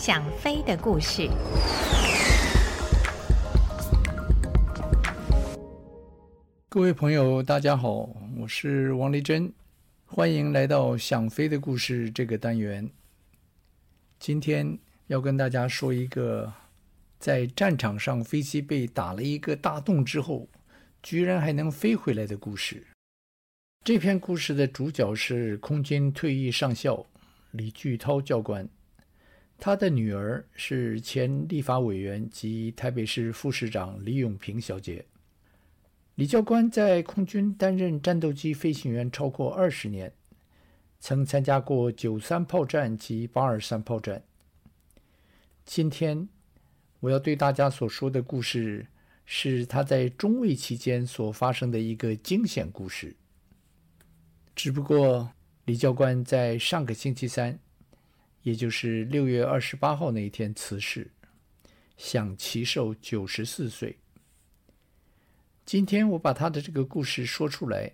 想飛的故事，各位朋友，大家好，我是王麗珍，歡迎來到想飛的故事這個單元。今天要跟大家說一個在戰場上飛機被打了一個大洞之後，居然還能飛回來的故事。這篇故事的主角是空軍退役上校李鉅滔教官。他的女兒是前立法委員及台北市副市長李永萍小姐。李教官在空軍擔任戰鬥機飛行員超過二十年，曾參加過九三炮戰及八二三炮戰。今天我要對大家所說的故事，是他在中尉期間所發生的一個驚險故事。只不過，李教官在上個星期三。也就是六月二十八號那一天辭世，享耆壽九十四歲。今天我把他的這個故事說出來，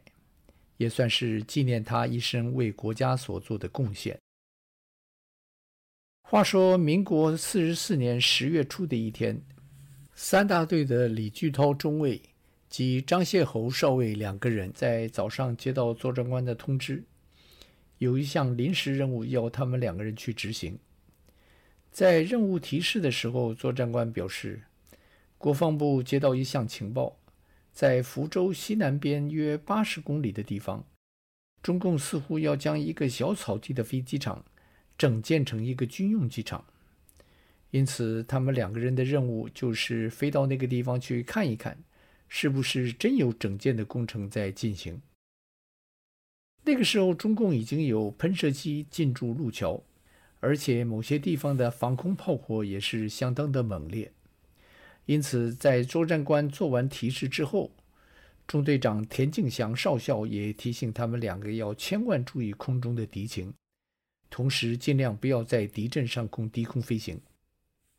也算是紀念他一生為國家所做的貢獻。話說民國四十四年十月初的一天，三大隊的李鉅滔中尉及張謝侯少尉兩個人在早上接到作戰官的通知，有一項臨時任務要他們兩個人去執行。在任務提示的時候，作戰官表示，國防部接到一項情報，在福州西南邊約八十公里的地方，中共似乎要將一個小草地的飛機場整建成一個軍用機場。因此，他們兩個人的任務就是飛到那個地方去看一看，是不是真有整建的工程在進行。那個時候，中共已經有噴射機進駐路橋，而且某些地方的防空炮火也是相當的猛烈。因此，在作戰官做完提示之後，中隊長田敬祥少校也提醒他們兩個要千萬注意空中的敵情，同時盡量不要在敵陣上空低空飛行，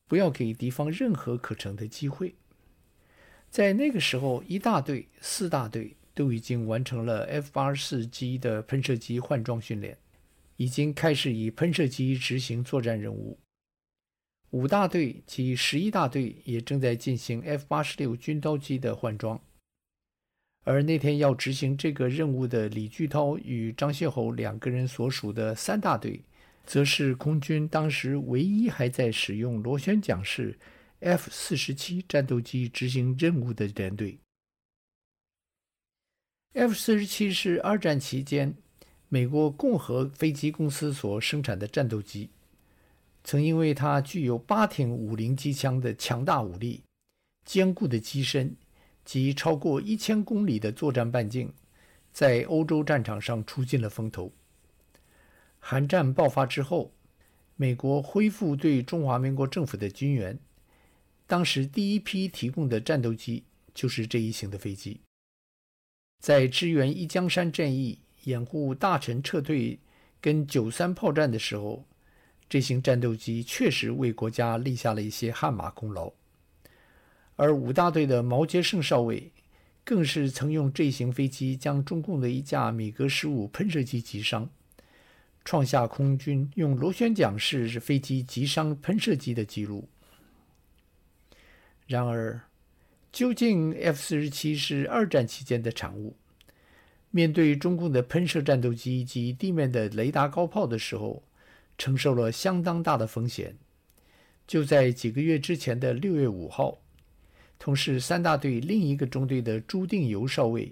不要給敵方任何可乘的機會。在那個時候，一大隊、四大隊，都已經完成了 F 八十四機的噴射機換裝訓練，已經開始以噴射機執行作戰任務。五大隊及十一大隊也正在進行 F 八十六軍刀機的換裝，而那天要執行這個任務的李鉅滔與張謝侯兩個人所屬的三大隊，則是空軍當時唯一還在使用螺旋槳式 F 四十七戰鬥機執行任務的連隊。F-47 是二戰期間美國共和飛機公司所生產的戰鬥機，曾因為它具有八挺五零機槍的強大武力、堅固的機身及超過一千公里的作戰半徑，在歐洲戰場上出盡了風頭。韓戰爆發之後，美國恢復對中華民國政府的軍援，當時第一批提供的戰鬥機就是這一型的飛機。在支援一江山戰役、掩護大陳撤退、跟九三炮戰的時候，這型戰鬥機確實為國家立下了一些汗馬功勞。而五大隊的毛杰勝少尉，更是曾用這型飛機將中共的一架米格十五噴射機擊傷，創下空軍用螺旋槳式飛機擊傷噴射機的記錄。然而，究竟 F 四十七是二戰期間的產物，面對中共的噴射戰鬥機以及地面的雷達高炮的時候，承受了相當大的風險。就在幾個月之前的六月五號，同是三大隊另一個中隊的朱定游少尉，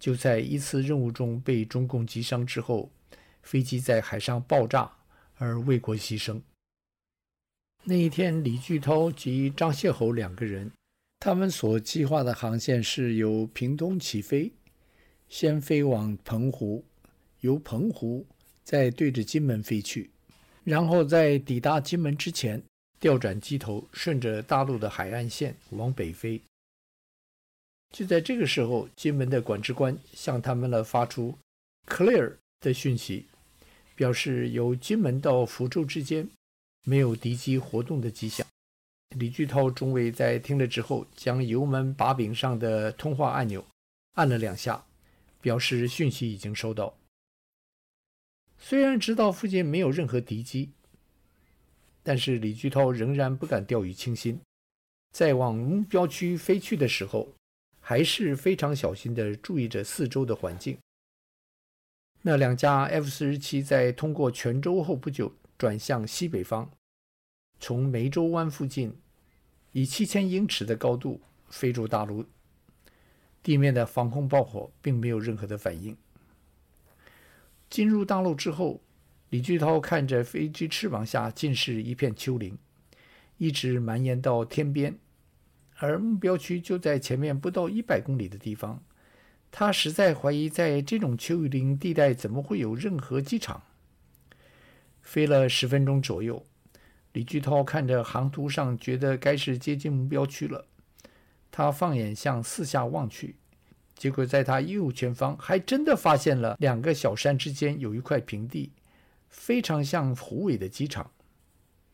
就在一次任務中被中共擊傷之後，飛機在海上爆炸而為國犧牲。那一天，李鉅滔及張謝侯兩個人。他們所計劃的航線是由屏東起飛，先飛往澎湖，由澎湖再對着金門飛去，然後在抵達金門之前調轉機頭，順着大陸的海岸線往北飛。就在這個時候，金門的管制官向他們了發出 “clear” 的訊息，表示由金門到福州之間沒有敵機活動的跡象。李鉅滔中尉在聽了之後，將油門把柄上的通話按鈕按了兩下，表示訊息已經收到。雖然知道附近沒有任何敵機，但是李鉅滔仍然不敢掉以輕心，在往目標區飛去的時候，還是非常小心地注意着四周的環境。那兩架 F-47 在通過泉州後不久，轉向西北方，從湄洲灣附近。以七千英尺的高度飛入大陸，地面的防空炮火，並沒有任何的反應。進入大陸之後，李鉅滔看着飛機翅膀下盡是一片丘陵，一直蔓延到天邊，而目標區就在前面不到一百公里的地方。他實在懷疑，在這種丘陵地帶怎麼會有任何機場？飛了十分鐘左右。李鉅滔看着航圖上，覺得該是接近目標區了。他放眼向四下望去，結果在他右前方，還真的發現了兩個小山之間有一塊平地，非常像虎尾的機場。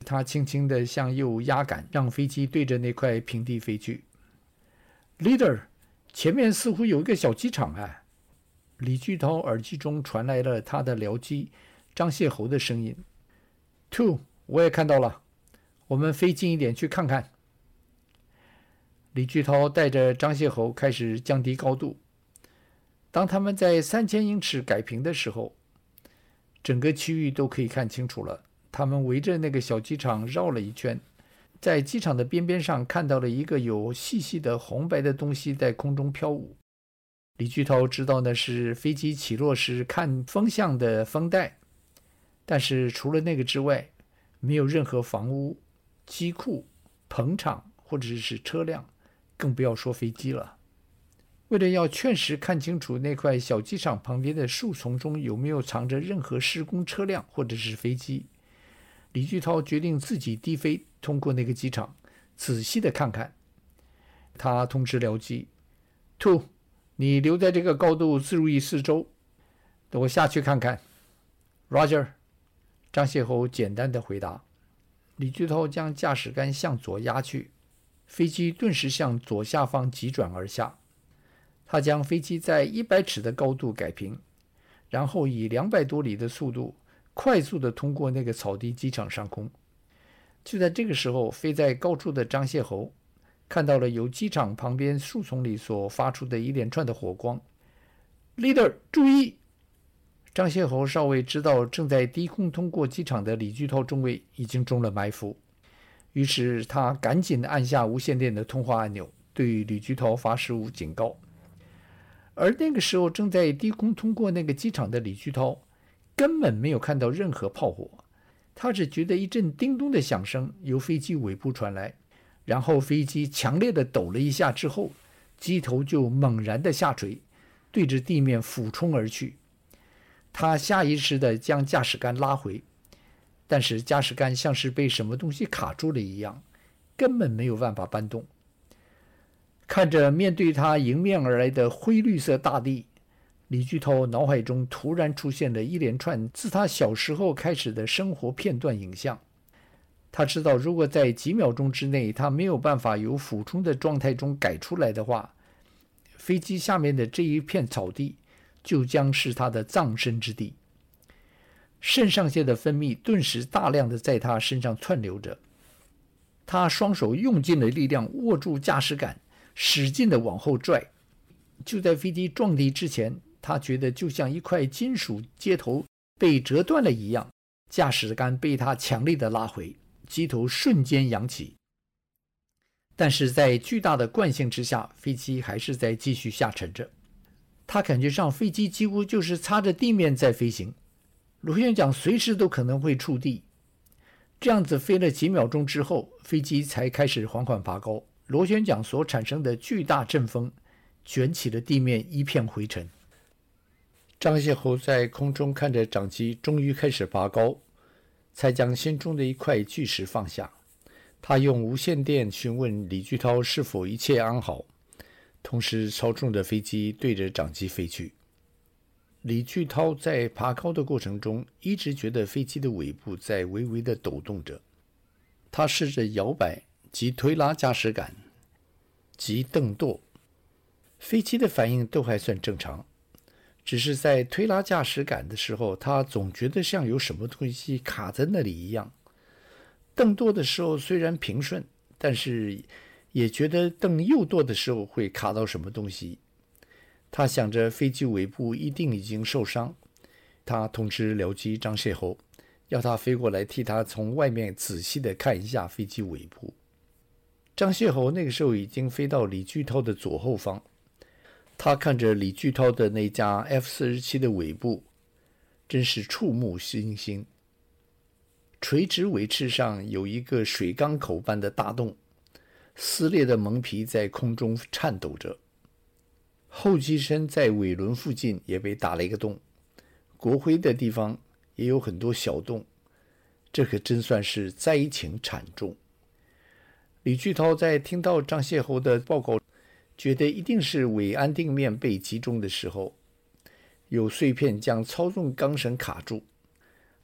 他輕輕地向右壓桿，讓飛機對着那塊平地飛去。Leader，前面似乎有一個小機場啊！李鉅滔耳機中傳來了他的僚機張謝侯的聲音：“Two。”我也看到了，我們飛近一點去看看。李鉅滔帶着張謝侯開始降低高度。當他們在三千英尺改平的時候，整個區域都可以看清楚了。他們圍着那個小機場繞了一圈，在機場的邊邊上看到了一個有細細的紅白的東西在空中飄舞。李鉅滔知道那是飛機起落時看風向的風帶，但是除了那個之外，沒有任何房屋、機庫、棚廠、或者是車輛，更不要說飛機了。為了要確實看清楚那塊小機場旁邊的樹叢中有沒有藏着任何施工車輛或者是飛機，李鉅滔決定自己低飛通過那個機場，仔細的看看。他通知僚機，Two，你留在這個高度，注意四周，等我下去看看。Roger。張謝侯簡單的回答。李鉅滔將駕駛桿向左壓去，飛機頓時向左下方急轉而下。他將飛機在一百尺的高度改平，然後以兩百多里的速度快速的通過那個草地機場上空。就在這個時候，飛在高處的張謝侯看到了由機場旁邊樹叢裡所發出的一連串的火光。Leader，注意！張仙侯少尉知道正在低空通過機場的李鉅滔中尉已經中了埋伏，於是他趕緊按下無線電的通話按鈕，對李鉅滔發出警告。而那個時候正在低空通過那個機場的李鉅滔，根本沒有看到任何炮火，他只覺得一陣叮咚的響聲由飛機尾部傳來，然後飛機強烈的抖了一下之後，機頭就猛然的下垂，對着地面俯衝而去。他下意識地將駕駛桿拉回，但是駕駛桿像是被什麼東西卡住了一樣，根本沒有辦法搬動。看着面對他迎面而來的灰綠色大地，李鉅滔腦海中突然出現了一連串自他小時候開始的生活片段影像。他知道，如果在幾秒鐘之內他沒有辦法由俯衝的狀態中改出來的話，飛機下面的這一片草地。就將是他的葬身之地。腎上腺的分泌頓時大量的在他身上竄流着，他雙手用盡了力量握住駕駛桿，使勁的往後拽。就在飛機撞地之前，他覺得就像一塊金屬接頭被折斷了一樣，駕駛桿被他強力的拉回，機頭瞬間揚起。但是在巨大的慣性之下，飛機還是在繼續下沉着。他感覺上飛機幾乎就是擦着地面在飛行，螺旋槳隨時都可能會觸地。這樣子飛了幾秒鐘之後，飛機才開始緩緩拔高。螺旋槳所產生的巨大陣風，捲起了地面一片灰塵。張謝侯在空中看着長機，終於開始拔高，才將心中的一塊巨石放下。他用無線電詢問李鉅滔是否一切安好。同時，超重的飛機對着長機飛去。李鉅滔在爬高的過程中，一直覺得飛機的尾部在微微的抖動着。他試着搖擺及推拉駕駛桿及蹬舵，飛機的反應都還算正常。只是在推拉駕駛桿的時候，他總覺得像有什麼東西卡在那裡一樣。蹬舵的時候雖然平順，但是。也覺得蹬右舵的時候會卡到什麼東西。他想着飛機尾部一定已經受傷。他通知僚機張謝侯，要他飛過來替他從外面仔細的看一下飛機尾部。張謝侯那個時候已經飛到李鉅滔的左後方，他看着李鉅滔的那架 F 四十七的尾部，真是觸目驚心。垂直尾翅上有一個水缸口般的大洞。撕裂的蒙皮在空中顫抖着，後機身在尾輪附近也被打了一個洞，國徽的地方也有很多小洞，這可真算是災情慘重。李鉅滔在聽到張謝侯的報告，覺得一定是尾安定面被擊中的時候，有碎片將操縱鋼繩卡住，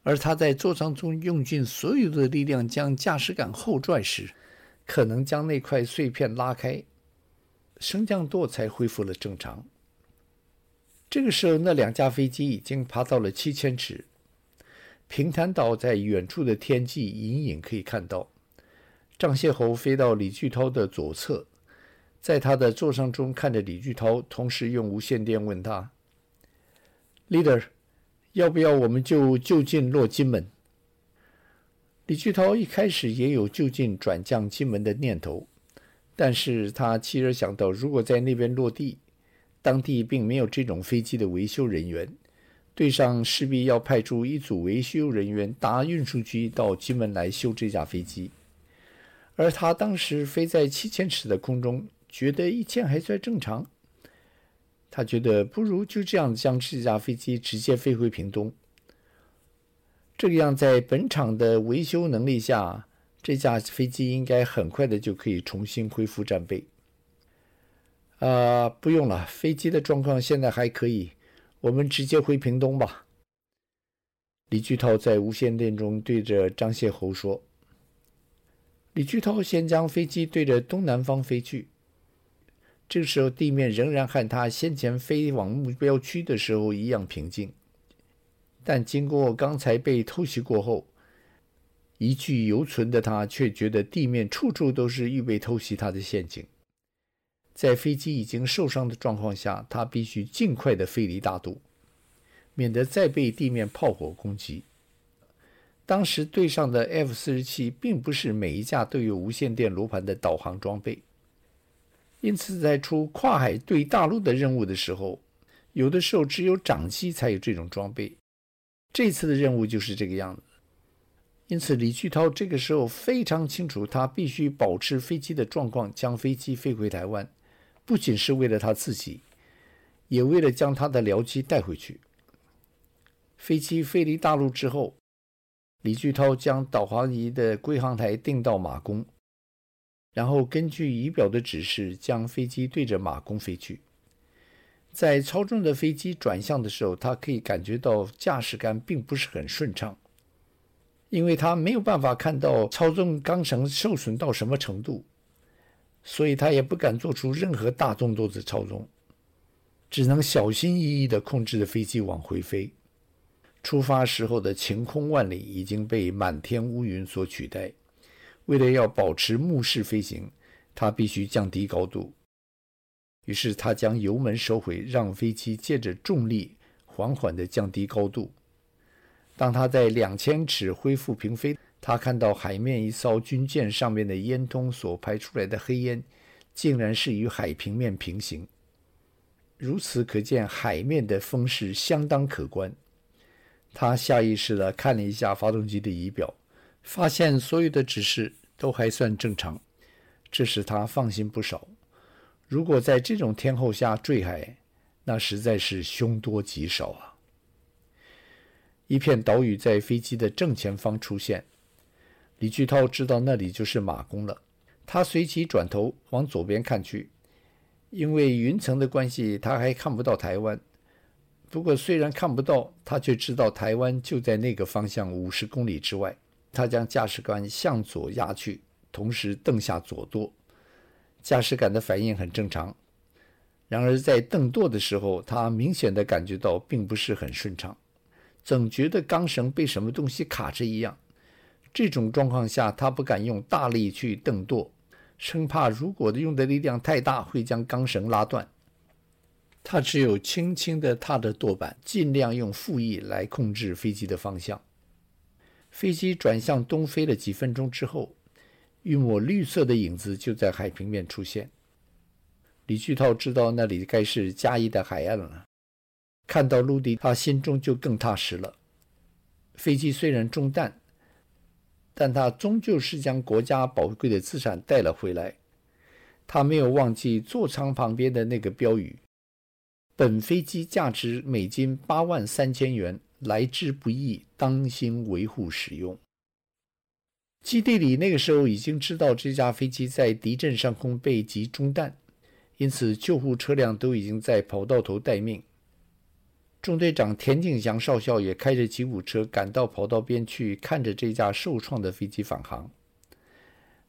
而他在座艙中用盡所有的力量將駕駛桿後拽時。可能將那塊碎片拉開，升降舵才恢復了正常。這個時候，那兩架飛機已經爬到了七千尺。平潭島在遠處的天際隱隱可以看到。張謝侯飛到李鉅滔的左側，在他的座艙中看着李鉅滔，同時用無線電問他：“Leader，要不要我們就就近落金門？”李鉅滔一開始也有就近轉降金門的念頭，但是他其實想到，如果在那邊落地，當地並沒有這種飛機的維修人員，隊上勢必要派出一組維修人員搭運輸機到金門來修這架飛機。而他當時飛在七千尺的空中，覺得一切還算正常，他覺得不如就這樣將這架飛機直接飛回屏東。這樣，在本場的維修能力下，這架飛機應該很快的就可以重新恢復戰備。啊、呃，不用了，飛機的狀況現在還可以，我們直接回屏東吧。李鉅滔在無線電中對着張謝侯說：“李鉅滔先將飛機對着東南方飛去。這個時候，地面仍然和他先前飛往目標區的時候一樣平靜。”但經過剛才被偷襲過後，餘悸猶存的他卻覺得地面處處都是預備偷襲他的陷阱。在飛機已經受傷的狀況下，他必須盡快的飛離大都，免得再被地面炮火攻擊。當時隊上的 F 四十七並不是每一架都有無線電羅盤的導航裝備，因此在出跨海對大陸的任務的時候，有的時候只有長機才有這種裝備。這次的任務就是這個樣子，因此李鉅滔這個時候非常清楚，他必須保持飛機的狀況，將飛機飛回台灣，不僅是為了他自己，也為了將他的僚機帶回去。飛機飛離大陸之後，李鉅滔將導航儀的歸航台定到馬公，然後根據儀表的指示，將飛機對着馬公飛去。在操縱的飛機轉向的時候，他可以感覺到駕駛桿並不是很順暢，因為他沒有辦法看到操縱鋼繩受損到什麼程度，所以他也不敢做出任何大動作的操縱，只能小心翼翼地控制着飛機往回飛。出發時候的晴空萬里已經被滿天烏雲所取代，為了要保持目視飛行，他必須降低高度。於是他將油門收回，讓飛機借着重力緩緩地降低高度。當他在兩千尺恢復平飛，他看到海面一艘軍艦上面的煙囪所排出來的黑煙，竟然是與海平面平行。如此可見，海面的風勢相當可觀。他下意識地看了一下發動機的儀表，發現所有的指示都還算正常，這使他放心不少。如果在這種天候下墜海，那實在是凶多吉少啊！一片島嶼在飛機的正前方出現，李鉅滔知道那裡就是馬公了。他隨即轉頭往左邊看去，因為雲層的關係，他還看不到台灣。不過雖然看不到，他卻知道台灣就在那個方向五十公里之外。他將駕駛桿向左壓去，同時蹬下左舵。駕駛桿的反應很正常，然而在蹬舵的時候，他明顯的感覺到並不是很順暢，總覺得鋼繩被什麼東西卡着一樣。這種狀況下，他不敢用大力去蹬舵，生怕如果用的力量太大，會將鋼繩拉斷。他只有輕輕的踏着舵板，盡量用副翼來控制飛機的方向。飛機轉向東飛了幾分鐘之後，一抹綠色的影子就在海平面出現。李鉅滔知道那裡該是嘉義的海岸了。看到陸地，他心中就更踏實了。飛機雖然中彈，但他終究是將國家寶貴的資產帶了回來。他沒有忘記座艙旁邊的那個標語：“本飛機價值美金八萬三千元，來之不易，當心維護使用。”基地裡那個時候已經知道這架飛機在敵陣上空被擊中彈，因此救護車輛都已經在跑道頭待命。中隊長田景祥少校也開着吉普車趕到跑道邊去，看着這架受創的飛機返航。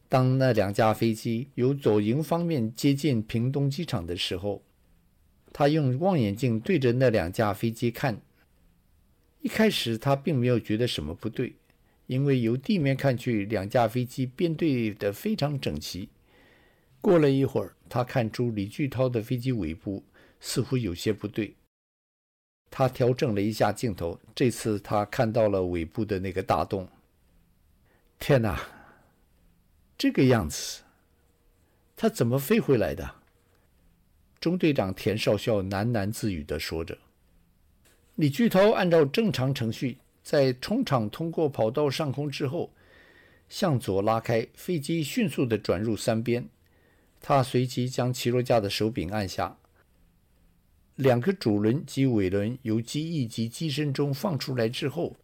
當那兩架飛機由左營方面接近屏東機場的時候，他用望遠鏡對着那兩架飛機看。一開始他並沒有覺得什麼不對。因為由地面看去，兩架飛機編隊得非常整齊。過了一會兒，他看出李鉅滔的飛機尾部似乎有些不對。他調整了一下鏡頭，這次他看到了尾部的那個大洞。天哪，這個樣子，他怎麼飛回來的？中隊長田少校喃喃自語地說着，李鉅滔按照正常程序，在衝場通過跑道上空之後，向左拉開，飛機迅速的轉入三邊。他隨即將起落架的手柄按下，兩個主輪及尾輪由機翼及機身中放出來之後，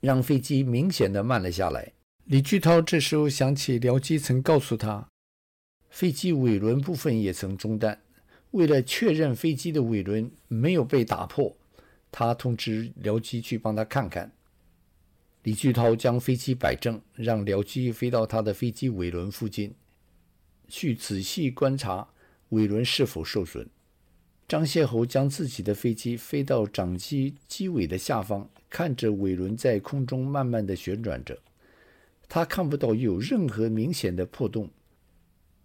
讓飛機明顯的慢了下來。李鉅滔這時候想起僚機曾告訴他，飛機尾輪部分也曾中彈，為了確認飛機的尾輪沒有被打破。他通知僚機去幫他看看。李鉅滔將飛機擺正，讓僚機飛到他的飛機尾輪附近，去仔細觀察尾輪是否受損。張謝侯將自己的飛機飛到長機機尾的下方，看着尾輪在空中慢慢的旋轉着，他看不到有任何明顯的破洞，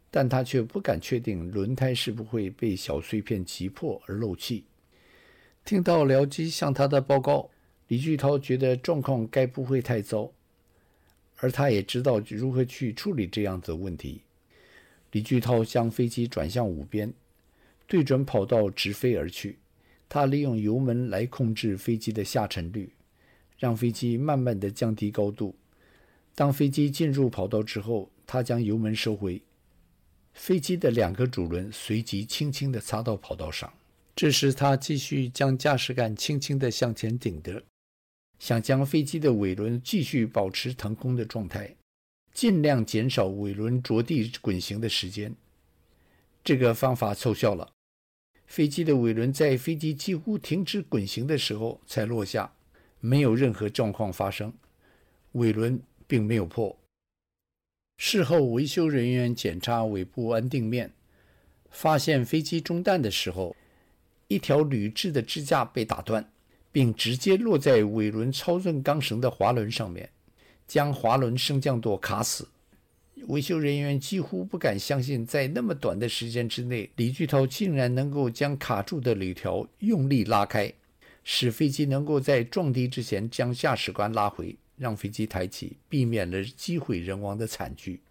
但他卻不敢確定輪胎是不會被小碎片擊破而漏氣。聽到僚機向他的報告，李鉅滔覺得狀況該不會太糟，而他也知道如何去處理這樣的問題。李鉅滔將飛機轉向五邊，對準跑道直飛而去。他利用油門來控制飛機的下沉率，讓飛機慢慢的降低高度。當飛機進入跑道之後，他將油門收回，飛機的兩個主輪隨即輕輕的擦到跑道上。這時，他繼續將駕駛桿輕輕地向前頂着，想將飛機的尾輪繼續保持騰空的狀態，盡量減少尾輪着地滾行的時間。這個方法奏效了，飛機的尾輪在飛機幾乎停止滾行的時候才落下，沒有任何狀況發生，尾輪並沒有破。事後，維修人員檢查尾部安定面，發現飛機中彈的時候，一條鋁製的支架被打斷，並直接落在尾輪操縱鋼繩的滑輪上面，將滑輪升降舵卡死。維修人員幾乎不敢相信，在那麼短的時間之內，李鉅滔竟然能夠將卡住的鋁條用力拉開，使飛機能夠在撞地之前將駕駛桿拉回，讓飛機抬起，避免了機毀人亡的慘劇。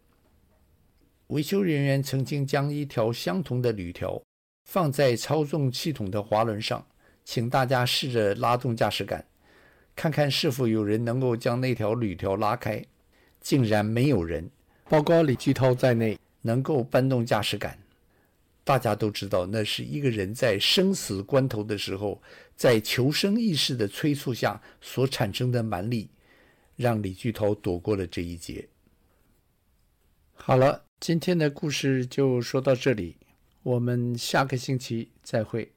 維修人員曾經將一條相同的鋁條，放在操縱系統的滑輪上，請大家試着拉動駕駛桿，看看是否有人能夠將那條鋁條拉開。竟然沒有人，包括李鉅滔在內，能夠扳動駕駛桿。大家都知道，那是一個人在生死關頭的時候，在求生意識的催促下所產生的蠻力，讓李鉅滔躲過了這一劫。好了，今天的故事就說到這裡。我們下個星期再會。